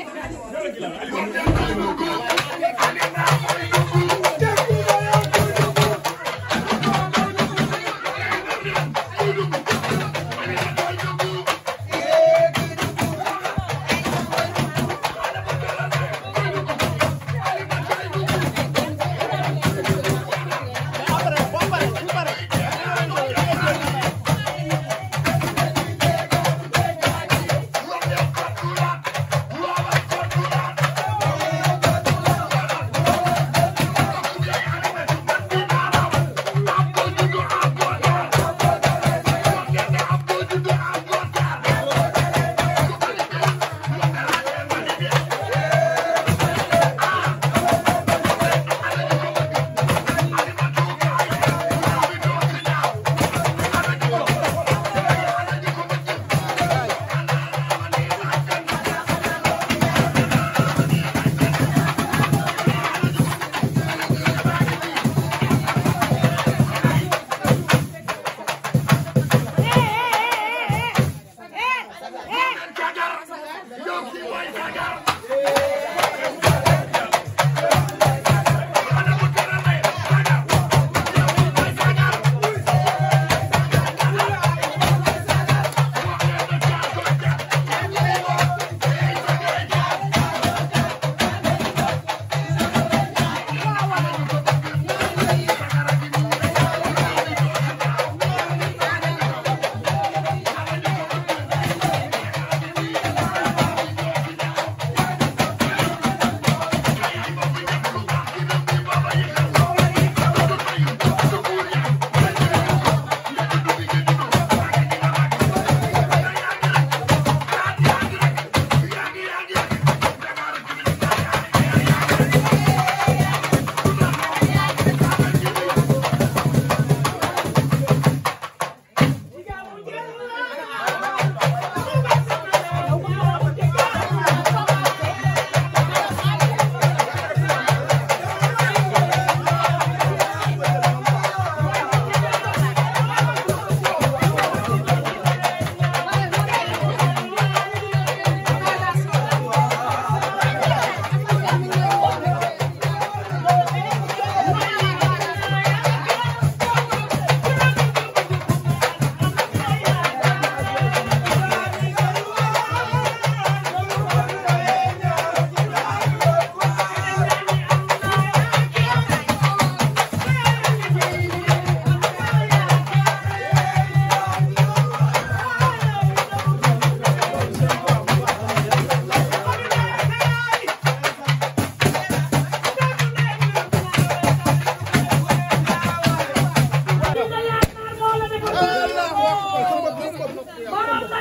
Allez.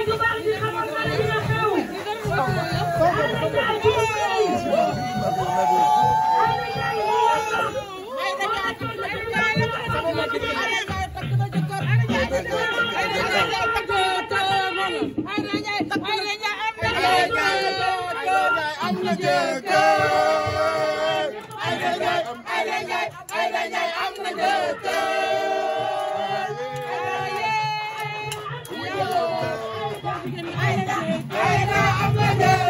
Ay, ay, ay, am na jëkkër ay la am la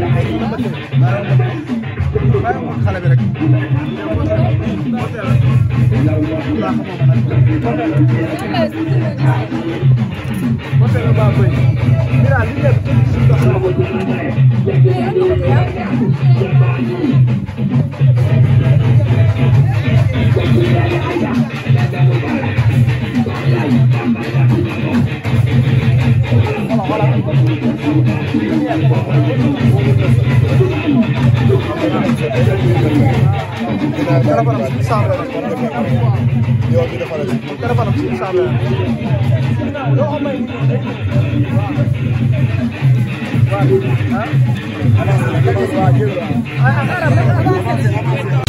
xale bi rek motel ba téléphone suñu sàmm yow mi dafa la téléphone suñu sàmm doo may waaw